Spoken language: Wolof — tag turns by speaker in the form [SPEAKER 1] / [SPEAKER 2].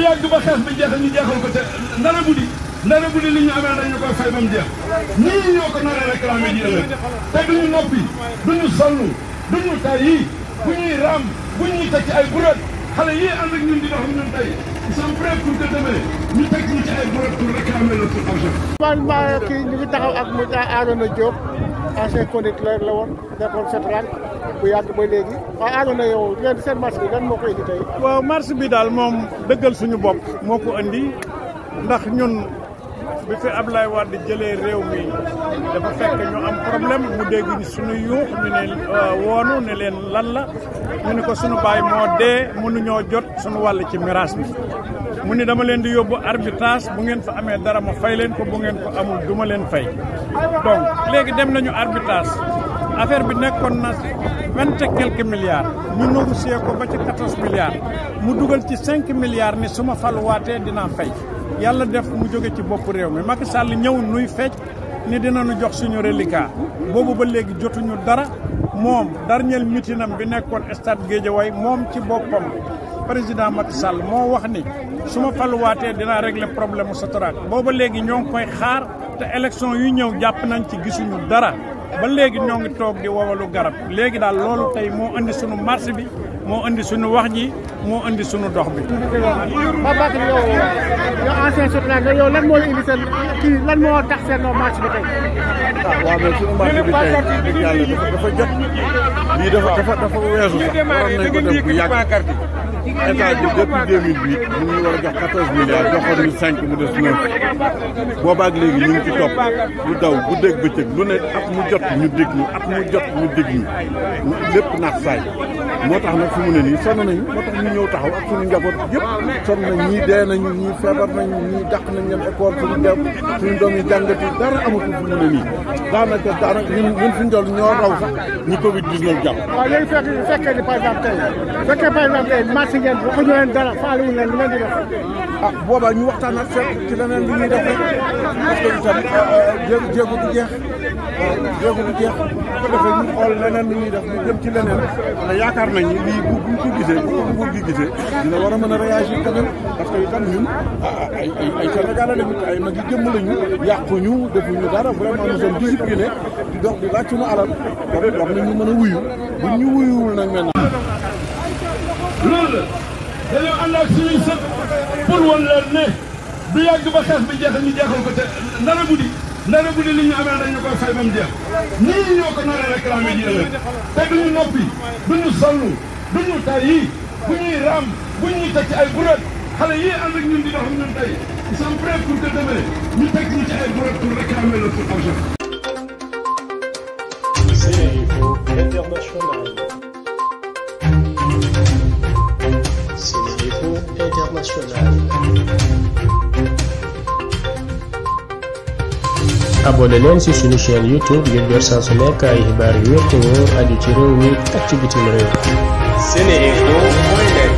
[SPEAKER 1] du yàgg ba xeex bi jeex ñu jeexal ko te ndara bu di ndara bu di li ñu amee dañu koy fay ba jeex ñii ñoo ko nara réclamé ji ëllëg te duñu noppi duñu sonn duñu tayyi bu ñuy raam bu ñuy teg ay bureet xale yii ànd ak ñun di dox ñun tey ils sont prêts pour que demain ñu teg ñu ay bureet pour réclamer le tout argent.
[SPEAKER 2] man maa kii ñu ngi taxaw ak Moussa Arona Diop ancien conducteur la woon nekkoon Sotran. bu yàgg ba léegi waaw Arouna yow leen
[SPEAKER 3] seen marche bi moo ko indi tey. waaw marche bi daal moom dëggal suñu bopp moo ko indi ndax ñun bi fi Ablaye Wade jëlee réew mi dafa fekk ñu am problème mu dégg suñu yuux ñu ne euh, woonu ne leen lan la ñu ne ko suñu baay moo dee mënuñoo jot suñu wàll ci miraas bi mu ne dama leen di yóbbu arbitrage bu ngeen fa amee dara ma fay leen ko bu ngeen ko amul duma leen fay
[SPEAKER 1] donc léegi
[SPEAKER 3] dem nañu arbitrage affaire bi nekkoon na vingt et quelques milliards ñu négocié ko ba ci quatorze milliards mu dugal ci cinq milliards ni su ma faluwaatee dinaa fay yàlla def mu jóge ci bopp réew mi Macky Sall ñëw nuy fecc ni dinañu jox suñu reliquat boobu ba léegi jotuñu dara moom dernier mitinam bi nekkoon stade Guédiawaye moom ci boppam président Macky Sall moo wax ni su ma faluwaatee dinaa régler problème mu Sotrac booba léegi ñoo koy xaar te élection yu ñëw jàpp nañ ci gisuñu dara ba léegi ñoom ngi toog di wowalu garab léegi daal loolu tey moo indi sunu marché bi moo indi sunu wax ji moo indi sunu dox bi. Babacar yow
[SPEAKER 2] yow ancien Sotrac yow lan moo indi seen kii lan moo tax seen marché bi tey. ah waaw sunu marché bi tey dafa jot lii dafa dafa weesu sax def bu yàgg. état bi depuis 2008 mu ngi war a jox 14 milliards joxoon ñu 5 mu des 9 boobaak léegi ñu ci topp lu daw bu dégg bëccëg lu ne at mu jot ñu dégg ñu at mu jot ñu dégg ñu lépp naax saay moo tax nag fu mu ne nii son nañu moo tax ñu ñëw taxaw ak suñu njaboot yëpp sonn na ñii dee nañu ñii feebar nañu ñii dàq nañ leen école suñu njaw suñu doom yi jàngati dara amatul fu mu ne nii daanaka daanaka ñun ñun fi ñu doon ñoo raw sax ñu Covid 19 jàpp. waaw léegi fekk fekkee ni par ngeen waxuñu leen ah, boobaa ñu waxtaan ak fekk ci leneen lu ñuy def rek parce que itam euh, euh, jéego jéego du jeex euh, jéego du jeex bu ko ñu xool leneen lu ñuy def ñu jëm ci leneen te yaakaar nañu lii bu buñ ko gisee bu ko buñ gisee dina war a mën a réagir quand même parce que itam ñun ah, ah, ay ay ay Sénégalais lañu ay mag yi jëm lañu yàquñu ñu dara vraiment nous sommes disciplinés
[SPEAKER 1] di dox di laaj suñu alal war nañu mën a wuyu buñ ñu wuyuwul nag maintenant. loolu la dañoo ànd ak suñuy sët pour wan leen ne du yàgg ba xeex bi jeexal ñu jeexal ko te ndara guddi ndara guddi li ñu amee dañu koy fay ba mu jeex ñii ñoo ko nar a réclamé ji ëllëg te duñu noppi duñu sonn duñu tayyi bu ñuy raam bu ñu te ci ay bureet xale yii ànd ak ñun di dox ak ñun tey ils sont prêts pour que demee ñu teg ñu ci ay bureet pour réclamer le pour internationale.
[SPEAKER 3] abonné leen YouTube ngir jot saa su nekk ay xibaar yu wér te
[SPEAKER 1] wóor ci